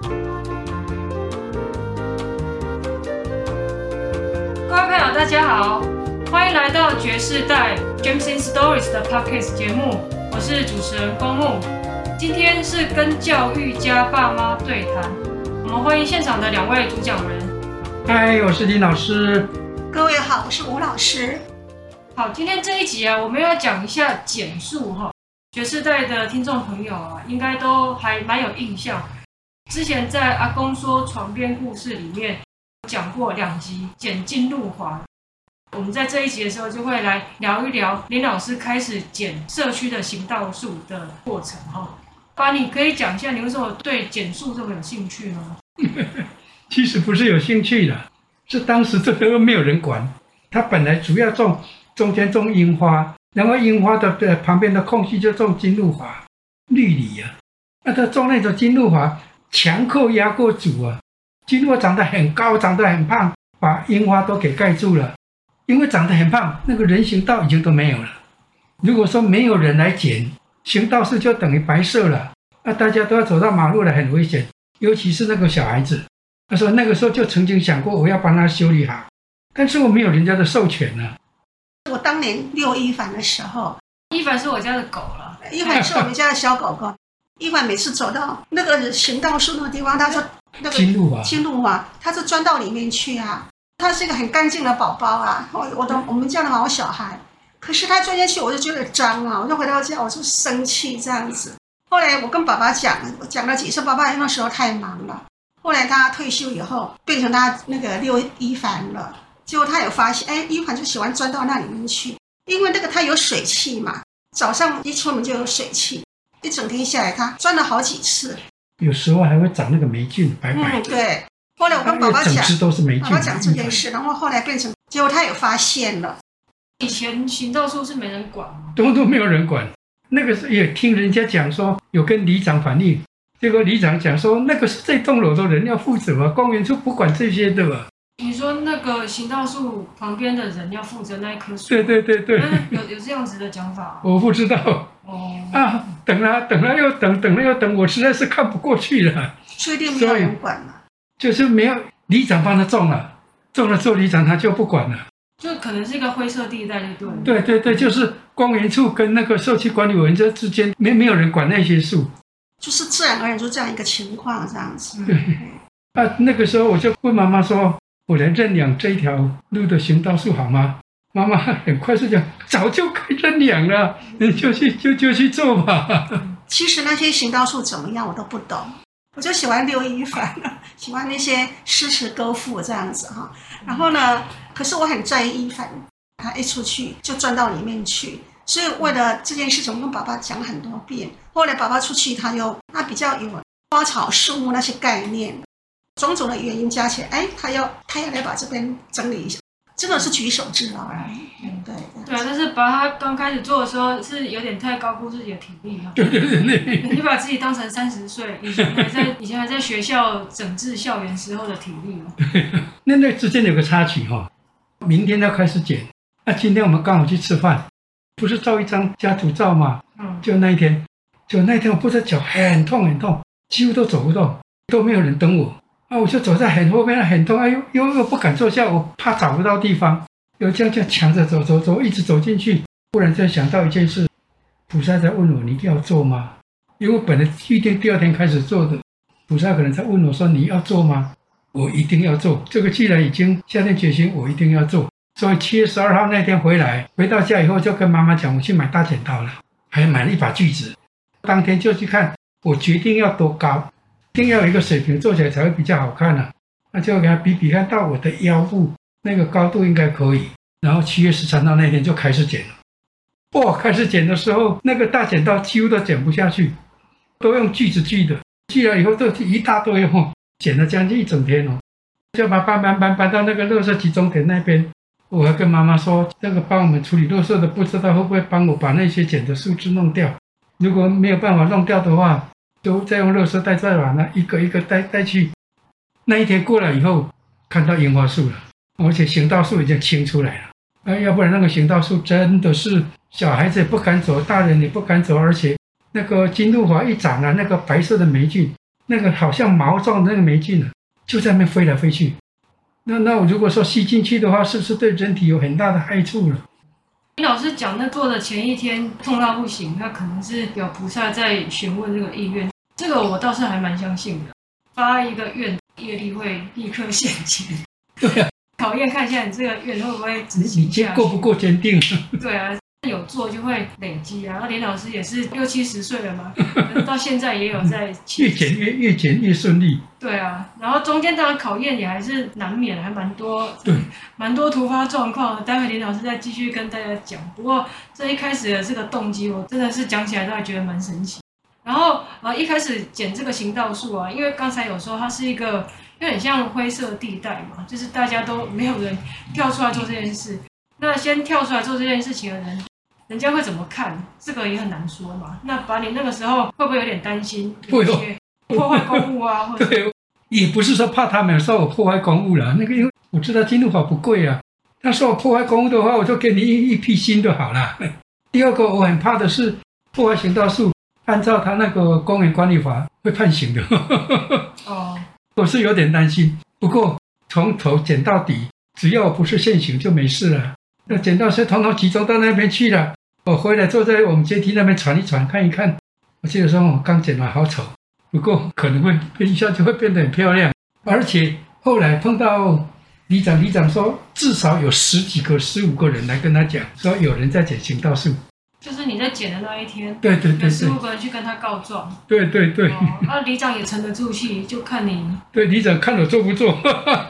各位朋友，大家好，歡迎來到覺世代 Gems in Stories 的 Podcast 節目，我是主持人公木。今天是跟教育家爸媽對談，我們歡迎現場的兩位主講人。嗨，我是林老師。各位好，我是吳老師。好，今天這一集啊，我們要講一下簡述哈，覺世代的聽眾朋友啊，應該都還蠻有印象。之前在阿公說床邊故事裡面講過兩集剪金露華，我們在這一集的時候就會來聊一聊林老師開始剪社區的行道樹的過程哈、哦。爸，你可以講一下，你為什麼對剪樹這麼有興趣嗎？其實不是有興趣啦，是當時這又沒有人管，他本來主要種中間種櫻花，然後櫻花的旁邊的空隙就種金露華、綠籬啊，那他種那種金露華。強扣押過主啊！經過長得很高，長得很胖，把櫻花都給蓋住了。因為長得很胖，那個人行道已經都沒有了。如果說沒有人來撿，行道樹就等於白色了。那、啊、大家都要走到馬路了，很危險，尤其是那個小孩子。他、啊、說那個時候就曾經想過，我要幫他修理好，但是我沒有人家的授權呢、啊。我當年遛一凡的時候，一凡是我家的狗了，一凡是我們家的小狗狗。 一凡每次走到那個行道樹那個地方，他說：“那個金露啊，金露啊，他就鑽到裡面去啊。他是一個很乾淨的寶寶啊，我我都我們家的毛小孩。可是他鑽進去，我就覺得髒啊，我就回到家我就生氣這樣子。後來我跟爸爸講，講了幾次，爸爸那時候太忙了。後來他退休以後，變成他那個遛一凡了。結果他有發現，哎，一凡就喜歡鑽到那裡面去，因為那個他有水汽嘛，早上一出門就有水汽。”一整天下來，他轉了好幾次，有時候還會長那個黴菌，白白的、嗯、對。後來我跟寶寶講，寶寶講這件事，然後後來變成，結果他也發現了。以前行道樹是沒人管嗎，都都沒有人管。那個時候也聽人家講說，有跟里長反映，結果里長講說，那個是這棟樓的人要負責、啊，嗎公園處不管這些的、啊，的吧？你說那個行道樹旁邊的人要負責那一棵樹？對對對對，對有，有有這樣子的講法、啊。我不知道。哦啊，等了等了又等，等了又等，我實在是看不過去了。確定沒有人管嗎？就是沒有里長幫他種了，種了之後里長他就不管了，就可能是一個灰色地帶，對對？對對對，就是公園處跟那個社區管理委員之間，沒沒有人管那些樹，就是自然而然就這樣一個情況，這樣子。嗯、對，對啊，那個時候我就問媽媽說：“我能認養這一條路的行道樹好嗎？”媽媽很快就講，早就開人臉了，你就去就就去做吧、嗯。其實那些行道樹怎麼樣，我都不懂，我就喜歡劉一凡喜歡那些詩詞歌賦這樣子哈。然後呢，可是我很在意凡，他一出去就鑽到裡面去，所以為了這件事情，我跟爸爸講很多遍。後來爸爸出去他又，他又那比較有花草樹木那些概念，種種的原因加起來，哎，他要他要來把這邊整理一下。這個是舉手之勞啊，嗯，對。對啊，但是把他剛開始做的時候是有點太高估自己的體力了，對對對，你把自己當成三十歲以前還在 以前還在學校整治校園時候的體力。那那之間有個插曲哈，明天要開始剪。那今天我們剛好去吃飯，不是照一張家族照嘛、嗯？就那一天，就那一天，我不知道腳很痛很痛，幾乎都走不動，都沒有人等我。啊，我就走在很後面，很痛，哎喲又又不敢坐下，我怕找不到地方，就這樣就搶着走走走，一直走進去。忽然就想到一件事，菩薩在問我：“你一定要做嗎？”因為我本來預定第二天開始做的，菩薩可能在問我說：“你要做嗎？”我一定要做。這個既然已經下定決心，我一定要做。所以七月十二號那天回來，回到家以後就跟媽媽講：“我去買大剪刀了，還買了一把鋸子。”當天就去看，我決定要多高。一定要有一個水平做起來才會比較好看呢。啊，那就給他比比看，到我的腰部那個高度應該可以。然後七月十三號那天就開始剪了，哇！開始剪的時候，那個大剪刀幾乎都剪不下去，都用鋸子鋸的，鋸了以後都一大堆哦，剪了將近一整天哦，就把它搬搬搬搬到那個垃圾集中點那邊。我還跟媽媽說，那個幫我們處理垃圾的不知道會不會幫我把那些剪的樹枝弄掉，如果沒有辦法弄掉的話。都在用垃圾袋裝啊，那一個一個帶帶去。那一天過了以後，看到櫻花樹了，而且行道樹已經清出來了。哎、啊，要不然那個行道樹真的是小孩子也不敢走，大人也不敢走，而且那個金露華一長啊，那個白色的霉菌，那個好像毛狀那個霉菌啊，就在那飛來飛去。那那我如果說吸進去的話，是不是對人體有很大的害處了？你老師講那做的前一天痛到不行，那可能是有菩薩在詢問這個意願。這個我倒是還蠻相信的，發一個願業力會立刻現前。對啊，考驗看一下你這個願會不會執行下。夠不夠堅定？ 對啊，有做就會累積啊。然後林老師也是六七十歲了嘛， 到現在也有在。越剪越越剪越順利。對啊，然後中間當然考驗也還是難免，還蠻多。對，蠻多突發狀況。待會林老師再繼續跟大家講。不過這一開始的這個動機，我真的是講起來都還覺得蠻神奇。然後呃一開始剪這個行道樹啊，因為剛才有說它是一個，有點像灰色的地帶嘛，就是大家都沒有人跳出來做這件事。那先跳出來做這件事情的人，人家會怎麼看？這個也很難說嘛。那把你那個時候會不會有點擔心？會破壞公物啊或者？對，也不是說怕他們說我破壞公物了，那個因為我知道金露華不貴啊。他說我破壞公物的話，我就給你一一批新的好啦。第二個我很怕的是破壞行道樹。按照他那個公園管理法會判刑的，哦，我是有點擔心。不過從頭剪到底，只要不是現行就沒事了。那剪到樹，統統集中到那邊去了。我回來坐在我們階梯那邊喘一喘，看一看。我記得說我剛剪完好醜，不過可能會一下就會變得很漂亮。而且後來碰到里長，里長說至少有十幾個、十五個人來跟他講，說有人在剪行道樹。就是你在撿的那一天，對對對,對,對，有師傅可能去跟他告狀，對對對。哦、嗯，那里長也沉得住氣，就看你。對，里長看我做不做。哦、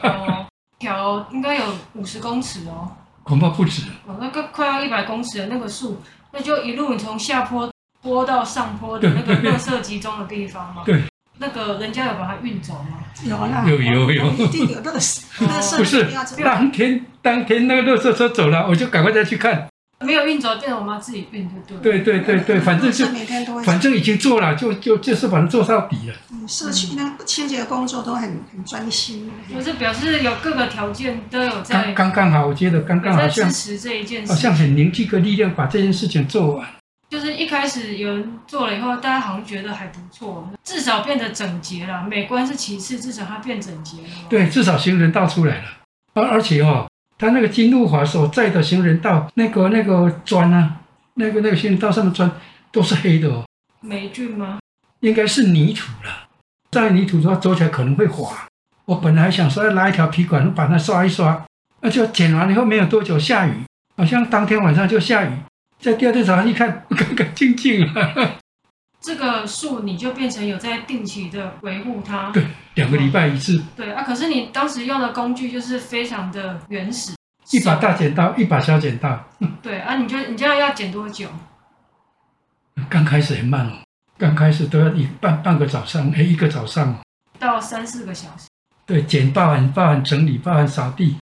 嗯，一條應該有五十公尺哦。恐怕不止。哦、嗯，那個快要一百公尺的那個樹，那就一路你從下坡坡到上坡的那個垃圾集中的地方嗎？對,對,對。那個人家有把它運走嗎？有、嗯、有有,有一定有那個那個、 嗯。不是，有當天當天那個垃圾車走了，我就趕快再去看。沒有運走，變成我媽自己運就對。對對對對，反正就每天都會，反正已經做了，就就就是把它做到底了。嗯，社區那清潔工作都很很專心。我、嗯、是表示有各個條件都有在剛。剛剛好，我覺得剛剛好像在支持這一件事，好像很凝聚個力量，把這件事情做完。就是一開始有人做了以後，大家好像覺得還不錯，至少變得整潔了。美觀是其次，至少它變整潔了。對，至少行人道出來了而、啊、而且哦。他那個金露華所在的行人道，那個那個磚啊，那個那個行人道上的磚都是黑的，哦。霉菌嗎？應該是泥土了，在泥土的話走起來可能會滑。我本來想說要拉一條皮管把它刷一刷，那就剪完以後沒有多久下雨，好像當天晚上就下雨，在第二天早上一看，乾乾淨淨了。這個樹你就變成有在定期的維護它，對，兩個禮拜一次。嗯、對啊，可是你當時用的工具就是非常的原始，一把大剪刀，一把小剪刀。嗯、對啊，你就你這樣要剪多久？剛開始很慢哦，剛開始都要一半半個早上，哎，一個早上到三四個小時。對，剪、拔、很拔、很整理、拔、很掃地，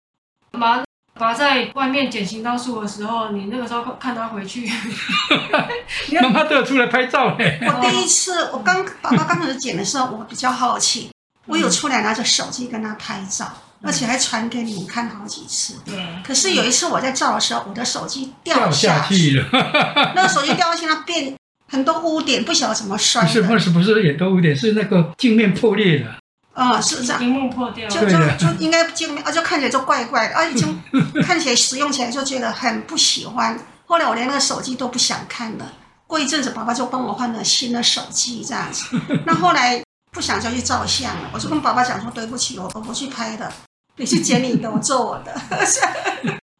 忙。爸在外面剪行道樹的時候，你那個時候看他回去，哈哈，媽媽都有出來拍照嘞、欸。 我第一次，我剛，爸爸剛開始剪的時候，我比較好奇，我有出來拿着手機跟他拍照，而且還傳給你們看好幾次。對。可是有一次我在照的時候，我的手機掉下去，掉下去了 那個手機掉下去，它變很多污點，不曉得怎麼摔。不是，不是，不是，很多污點，是那個鏡面破裂了。啊、嗯，是螢幕破掉就，就就就應該就，啊，就看起來就怪怪的，啊，已經看起來 使用起來就覺得很不喜歡。後來我連那個手機都不想看了，過一陣子，爸爸就幫我換了新的手機這樣子。那後來不想再去照相了，我就跟爸爸講說 對不起，我我不去拍了。你去剪你的，我做我的。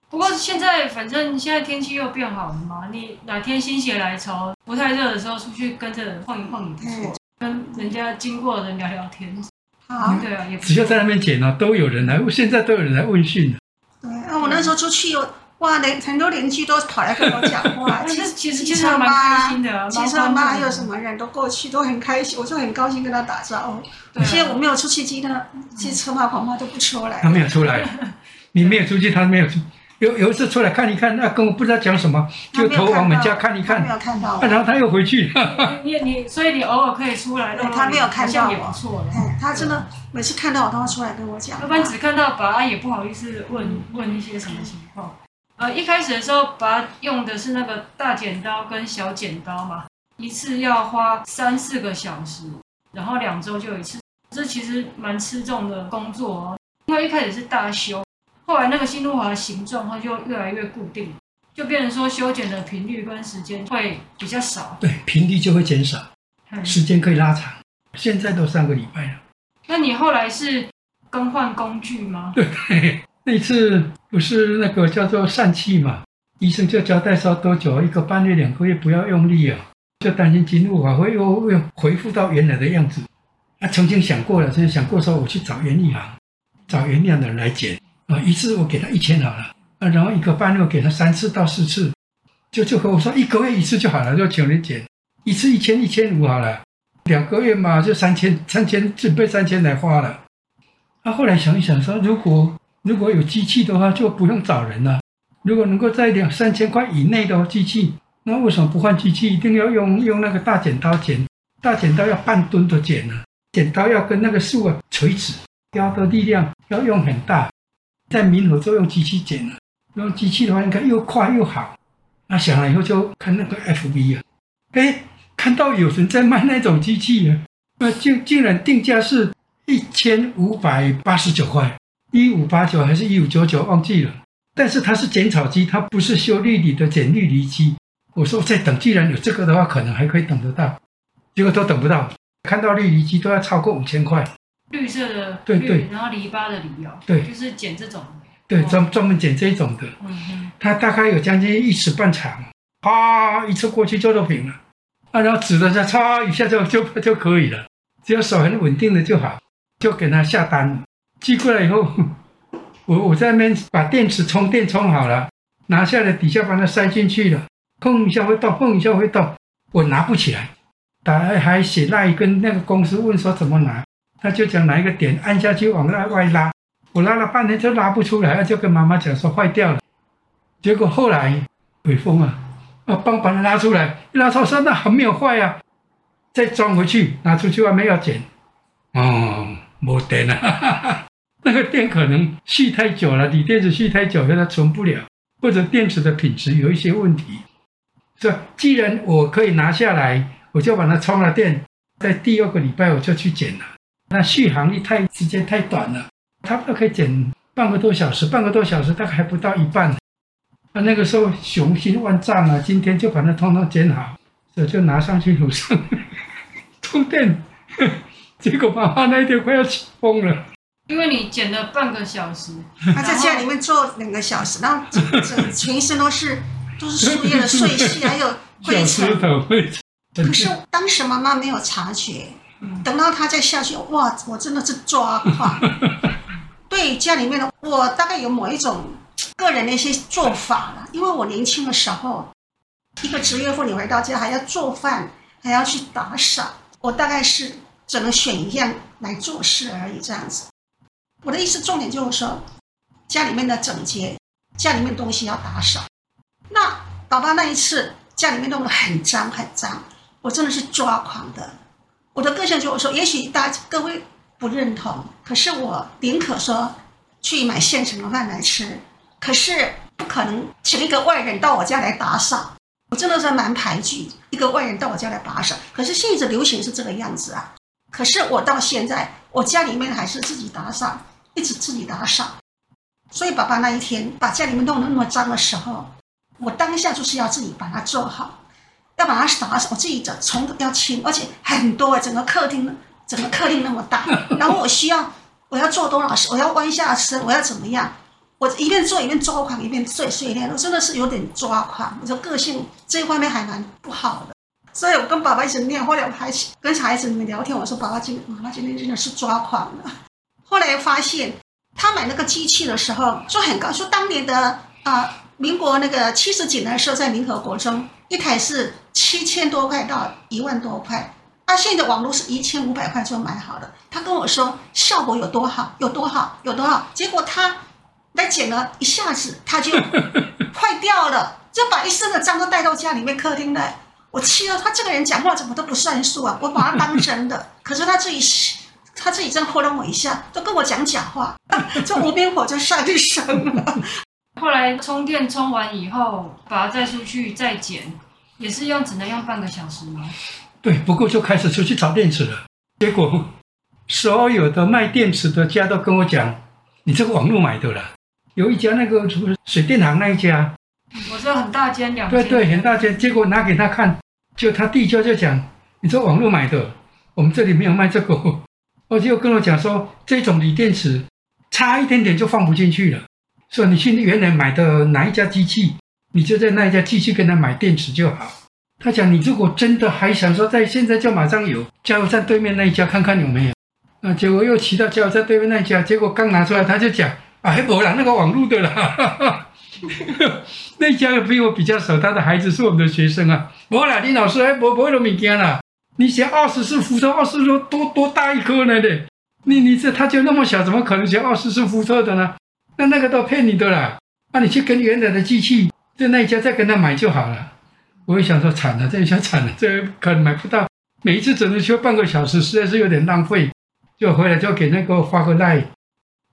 不過現在反正現在天氣又變好了嘛，你哪天心血來潮，不太熱的時候出去跟着晃一晃也不錯，跟人家經過的人聊聊天。啊、哦嗯，對啊，也只要在那邊剪到，啊，都有人來，現在都有人來問訊的，啊。對，啊，我那時候出去有，哇，連很多鄰居都跑來跟我講話。 其實其實其實，其實媽，其實，其實媽，還有什麼人都過去，都很開心，我就很高興跟他打招呼，哦嗯。對，現在我沒有出去，接、嗯、他，其實車媽恐怕都不出來。他沒有出來， 你沒有出去，他沒有出去。有有一次出來看一看，那、啊、跟我不知道講什麼，就頭往我們家看一看，沒有看到啊、然後他又回去。 你你,你所以你偶爾可以出來，他沒有看到我。也不錯的。他真的每次看到我都會出來跟我講。要不然只看到保安也不好意思問、嗯、問一些什麼情況。呃，一開始的時候，保安用的是那個大剪刀跟小剪刀嘛，一次要花三四個小時，然後兩周就一次，這其實蠻吃重的工作哦。因為一開始是大修。後來那個金露華的形狀它就越來越固定，就變成說修剪的頻率跟時間會比較少，對，頻率就會減少，時間可以拉長。現在都三個禮拜了。那你後來是更換工具嗎？對，那一次不是那個叫做疝氣嘛，醫生就交代說多久，一個半月兩個月不要用力啊，就擔心金露華會又會恢復到原來的樣子。啊，曾經想過了，曾經想過說我去找園藝行，找園藝行那樣的人來剪。啊，一次我給他一千好了，啊，然後一個半月給他三次到四次，就就和我說一個月一次就好了，就請你剪一次一千一千五好了，兩個月嘛就三千三千準備三千來花了。他、啊、後來想一想說，如果如果有機器的話，就不用找人了。如果能夠在兩三千塊以內的機器，那為什麼不換機器？一定要用用那個大剪刀剪，大剪刀要半蹲都剪了，剪刀要跟那個樹啊垂直，壓的力量要用很大。在民和就用機器剪了，用機器的話，應該又快又好。那想了以後就看那個 FB 啊，哎，看到有人在賣那種機器啊，那、呃、竟竟然定價是一千五百八十九塊，一五八九還是一五九九忘記了。但是它是剪草機，它不是修綠籬的剪綠籬機。我說再等，既然有這個的話，可能還可以等得到。結果都等不到，看到綠籬機都要超過五千塊。綠色的綠，對對，然後籬笆的籬哦，對，就是剪這種，對，專專門剪這種的，嗯哼，它大概有將近一尺半長，啪、啊、一次過去就都平了，啊，然後指的下，擦、啊、一下就就就可以了，只要手很穩定的就好，就給他下單寄過來以後，我我在那邊把電池充電充好了，拿下來底下把它塞進去了，碰一下會動，碰一下會動，我拿不起來，打還寫那一根那個公司問說怎麼拿。他就講哪一個點按下去，往那外拉，我拉了半天就拉不出來，就跟媽媽講說壞掉了。結果後來鬼風啊，啊幫把它拉出來，一拉出來那還沒有壞呀，啊，再裝回去拿出去外面要剪哦，沒電了哈哈，那個電可能續太久了，鋰電池續太久了，它存不了，或者電池的品質有一些問題。這既然我可以拿下來，我就把它充了電，在第二個禮拜我就去剪了。那續航力太，時間太短了，差不多可以剪半個多小時，半個多小時大概還不到一半。那那個時候雄心萬丈啊，今天就把那通通剪好，所以就拿上去樓上充電。結果媽媽那一天快要氣瘋了，因為你剪了半個小時，他、 啊、在家裡面坐兩個小時，然後整，整全身都是都是樹葉的碎屑，還有灰塵，灰塵。可是當時媽媽沒有察覺。 等到他再下去，哇！我真的是抓狂。對家裡面的，我大概有某一種個人的一些做法了。因為我年輕的時候，一個職業婦女回到家還要做飯，還要去打掃。我大概是只能選一樣來做事而已。這樣子，我的意思重點就是說，家裡面的整潔，家裡面東西要打掃。那寶寶那一次家裡面弄得很髒很髒，我真的是抓狂的。我的個性就是說，也許大家各位不認同，可是我寧可說去買現成的飯來吃，可是不可能請一個外人到我家來打掃。我真的是蠻排拒一個外人到我家來打掃。可是現在流行是這個樣子啊。可是我到現在，我家裡面還是自己打掃，一直自己打掃。所以爸爸那一天把家裡面弄得那麼髒的時候，我當下就是要自己把它做好。要把它掃，我自己走，從頭要清，而且很多，整個客廳，整個客廳那麼大，然後我需要，我要做多少事，我要彎下身，我要怎麼樣？我一邊做一邊抓狂，一邊碎碎念，我真的是有點抓狂。我說個性這一方面還蠻不好的，所以我跟爸爸一直念，後來我還跟孩子們聊天，我說爸爸今天，媽媽今天真的是抓狂了。後來發現他買那個機器的時候說很高，說當年的啊、呃，民國那個七十幾年的時候在民和國中。一台是七千多塊到一萬多塊，他現在網絡是一千五百塊就買好了。他跟我說效果有多好，有多好，有多好。結果他來剪了，一下子他就壞掉了，就把一身的髒都帶到家裡面客廳來。我氣了，他這個人講話怎麼都不算數啊！我把他當真的，可是他自己他自己真糊弄我一下，都跟我講假話，這無名火就上身了。後來充電充完以後，把它再出去再剪，也是用只能用半個小時嗎？對，不過就開始出去找電池了。結果所有的賣電池的家都跟我講：“你這個網絡買的了。”有一家那個水電行那一家，我說很大間兩間對對很大間，結果拿給他看，就他第一家就講：“你這個網絡買的，我們這裡沒有賣這個。”我就跟我講說：“這種鋰電池差一點點就放不進去了。”說，你去原來買的哪一家機器，你就在那一家繼續跟他買電池就好。他講，你如果真的還想說在現在就馬上有加油站對面那一家看看有沒有，那結果又騎到加油站對面那一家，結果剛拿出來他就講哎，我、啊那個、啦那個網路的啦， 那家比我比較熟，他的孩子是我們的學生啊，我啦林老師，哎，不不會了，閩江啦，你寫二十四伏特，二十六多多大一顆呢？你你這他就那麼小，怎麼可能寫二十四伏特的呢？那那個都騙你的啦！那、啊、你去跟原來的機器，就那一家再跟他買就好了。我又想說慘了，這一下慘了，這可能買不到。每一次只能修半個小時，實在是有點浪費。就回來就給那個發個 Line，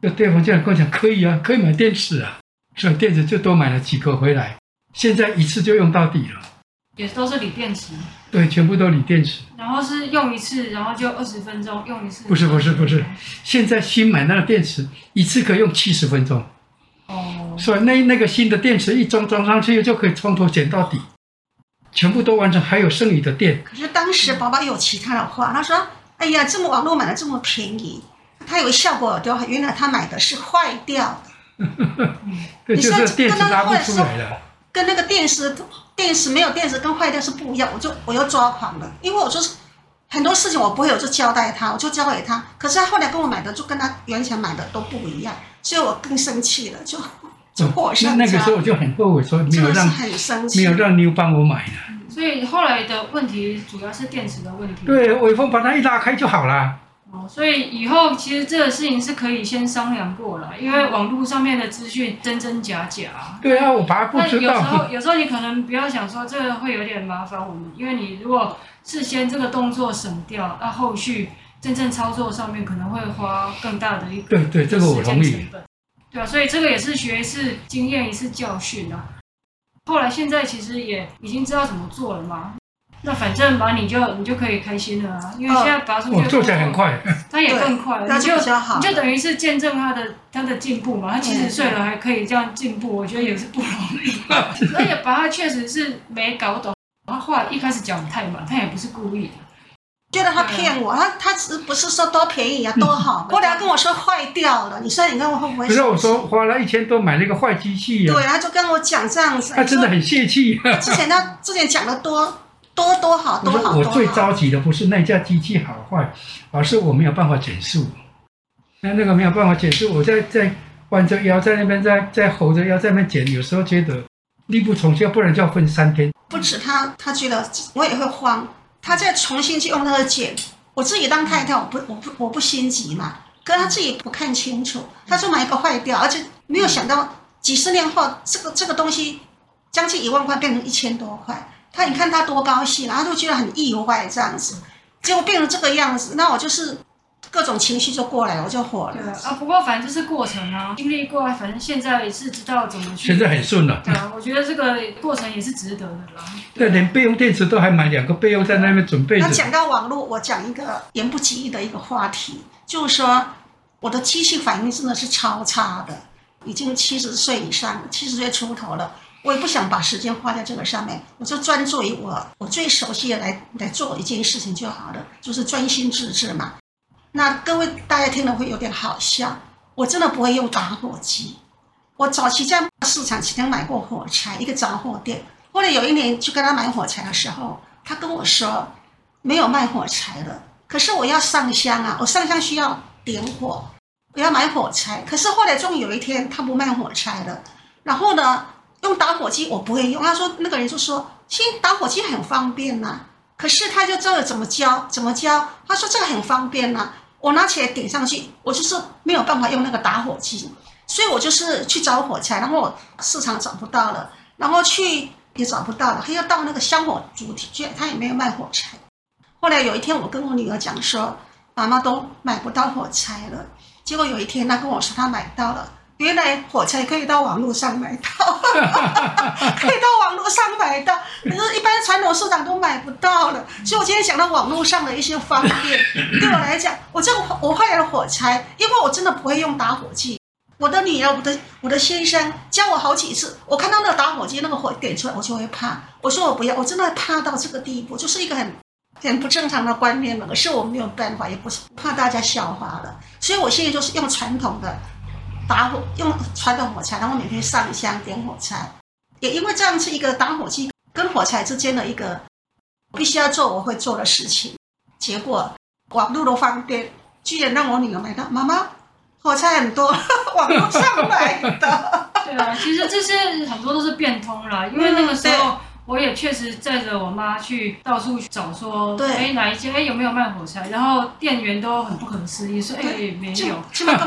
那對方竟然跟我講可以啊，可以買電池啊，所以電池就多買了幾個回來。現在一次就用到底了。也都是鋰電池，對，全部都鋰電池。然後是用一次，然後就二十分鐘用一次。不是不是不是，現在新買那個電池，一次可以用七十分鐘。哦。所以那那個新的電池一裝裝上去就可以從頭剪到底，全部都完成，還有剩餘的電。可是當時寶寶有其他的話，他說：“哎呀，這麼網絡買的這麼便宜，他有效果的，原來他買的是壞掉的。 ”哈哈哈哈哈。對，就是電池拿不出來了，跟那個電池。電池沒有電池跟壞掉是不一樣，我就我又抓狂了，因為我就是很多事情我不會有就交代他，我就交給他，可是他後來跟我買的就跟他原先買的都不一樣，所以我更生氣了，就很後悔。那個時候我就很後悔，說沒有讓、就是、很生氣沒有讓妞幫我買的、嗯，所以後來的問題主要是電池的問題。對，尾風把它一拉開就好了。哦，所以以後其實這個事情是可以先商量過了，因為網絡上面的資訊真真假假。對啊，我把它不知道。有時候，有時候你可能不要想說這個會有點麻煩我們，因為你如果事先這個動作省掉，那後續真正操作上面可能會花更大的一個。對對，這個我同意。時間成本。對啊，所以這個也是學一次經驗，一次教訓啊。後來現在其實也已經知道怎麼做了嘛。那反正拔，你就你就可以開心了啊，因為現在拔出就，哦，做起來很快，他也更快了你，那就好，你就等於是見證他的他的進步嘛。他七十歲了還可以這樣進步，嗯，我覺得也是不容易。而且拔他確實是沒搞懂，他話一開始講的太滿，他也不是故意的。覺得他騙我。啊，他他只不是說多便宜啊多好，後 來跟我說壞掉了，你說你看我會不會？不是我說花了一千多買了一個壞機器，啊，對，啊，他就跟我講這樣子，他真的很洩氣，啊。之前他之前講的多。多多好，多好，我，我最着急的不是那架機器好壞好，而是我沒有辦法剪樹。那那個沒有辦法剪樹，我在在彎着腰在那邊在在吼着腰在那邊剪，有時候覺得力不從心，不然就要分三天。不止他，他覺得我也會慌。他再重新去用那個剪，我自己當太太，我不我不我不心急嘛。可是他自己不看清楚，他說買一個壞掉，而且沒有想到幾十年後，這個這個東西將近一萬塊變成一千多塊。他你看他多高興，然後就覺得很意外這樣子，結果變成這個樣子，那我就是各種情緒就過來了，我就火了。對啊，不過反正就是過程啊，經歷過，反正現在也是知道怎麼去。現在很順了。對啊、嗯，我覺得這個過程也是值得的啦。對，連備用電池都還買兩個備用，在那邊準備。那講到網絡，我講一個言不及義的一個話題，就是說我的機器反應真的是超差的，已經七十歲以上，七十歲出頭了。我也不想把時間花在這個上面，我就專注於我我最熟悉的來來做一件事情就好了，就是專心致志嘛。那各位大家聽了會有點好笑，我真的不會用打火機。我早期在市場曾經買過火柴，一個雜貨店。後來有一年去跟他買火柴的時候，他跟我說沒有賣火柴的。可是我要上香啊，我上香需要點火，我要買火柴。可是後來終於有一天他不賣火柴了，然後呢？用打火機我不會用，他說那個人就說：“其實打火機很方便吶。”可是他就知道怎麼教怎麼教，他說這個很方便吶，我拿起來點上去，我就是沒有辦法用那個打火機，所以我就是去找火柴，然後市場找不到了，然後去也找不到了，還要到那個香火主題區，他也沒有賣火柴。後來有一天我跟我女兒講說：“媽媽都買不到火柴了。”結果有一天她跟我說她買到了。原來火柴可以到網絡上買到， 可以到網絡上買到，可是一般傳統市場都買不到了。所以，我今天講到網絡上的一些方便，對我來講，我這個我壞了火柴，因為我真的不會用打火機。我的女兒，我的我的先生教我好幾次，我看到那個打火機那個火點出來，我就會怕。我說我不要，我真的怕到這個地步，就是一個很很不正常的觀念了。可是我沒有辦法，也不是怕大家笑話了。所以我現在就是用傳統的。打火用傳統火柴，然後，每天上香點火柴，也因為這樣是一個打火機跟火柴之間的一個我必須要做我會做的事情。結果網絡都方便，居然讓我女兒買到媽媽火柴很多，網絡上買的。 對啊，其實這些很多都是變通了，因為那個時候、嗯。我也確實載着我媽去到處去找說，說哎哪一間哎有沒有賣火柴？然後店員都很不可思議，說哎沒有就就、 啊。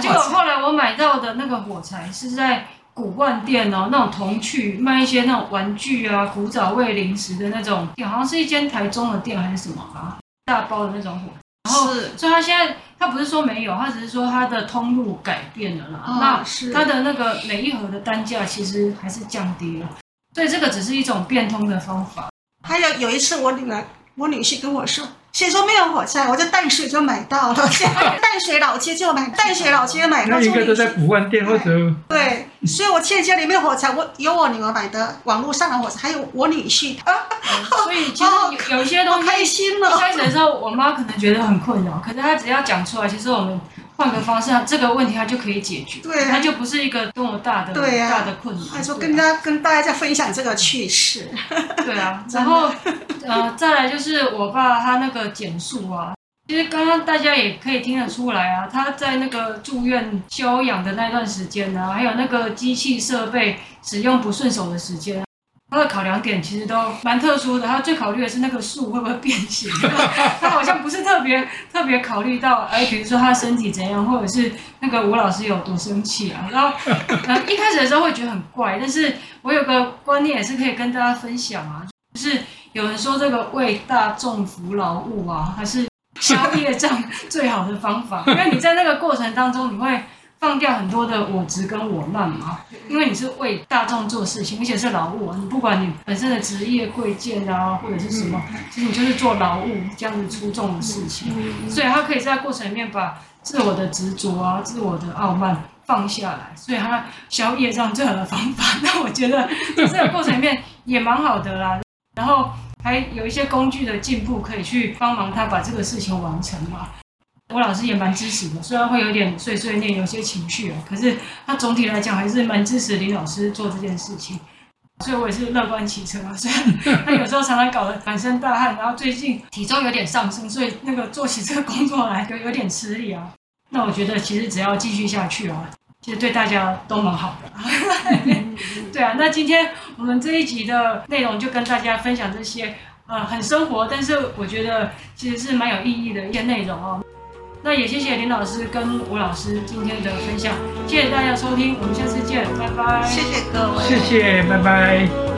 結果後來我買到的那個火柴是在古玩店哦，那種童趣賣一些那種玩具啊、古早味零食的那種，好像是一間台中的店還是什麼啊，大包的那種火柴。是，然後所以它現在它不是說沒有，它只是說它的通路改變了啦。哦、那是它的那個每一盒的單價其實還是降低了。所以這個只是一種變通的方法。還有有一次我、我女兒、我女婿跟我說，誰說沒有火柴，我在淡水就買到了， 淡水老街就買，淡水老街買到。 那應該都在古玩店或者……對，對，所以我現在家裡面火柴，我有我女兒買的，網絡上的火柴，還有我女婿。啊嗯嗯嗯、所以其實有，有一些開心了。開始的時候，我媽可能覺得很困擾，可是她只要講出來，其實我們。換個方向，這個問題它就可以解決，它、啊、就不是一個多麼大的對、啊、大的困難。他說跟他、啊、跟大家分享這個趣事，嗯、對啊，然後 呃再來就是我爸他那個剪樹啊，其實剛剛大家也可以聽得出來啊，他在那個住院休養的那段時間呢、啊，還有那個機器設備使用不順手的時間、啊。他的考量點，其實都蠻特殊的。他最考慮的是那個樹會不會變形，他好像不是特別特別考慮到，哎，比如說他身體怎樣，或者是那個吳老師有多生氣啊。然後、呃，一開始的時候會覺得很怪，但是我有個觀念也是可以跟大家分享啊，就是有人說這個為大眾服勞務啊，還是消業障最好的方法，因為你在那個過程當中你會，放掉很多的我執跟我慢嘛，因為你是為大眾做事情，而且是勞務，你不管你本身的職業貴賤啊，或者是什麼、嗯，其實你就是做勞務這樣子出眾的事情、嗯嗯嗯，所以他可以在過程裡面把自我的執着啊、嗯、自我的傲慢放下來，所以他消業這樣最好的方法。那我覺得在這個過程裡面也蠻好的啦， 然後還有一些工具的進步可以去幫忙他把這個事情完成嘛。我老師也蠻支持的，雖然會有點碎碎念，有些情緒。可是他總體來講還是蠻支持林老師做這件事情，所以我也是樂觀其成啊。雖然他有時候常常搞得滿身大汗，然後最近體重有點上升，所以那個做起這個工作來有有點吃力啊。那我覺得其實只要繼續下去啊，其實對大家都蠻好的、啊。 對啊，那今天我們這一集的內容就跟大家分享這些呃很生活，但是我覺得其實是蠻有意義的一些內容哦、啊。那也謝謝林老師跟吳老師今天的分享，謝謝大家收聽，我們下次見，拜拜。謝謝各位，謝謝，拜拜。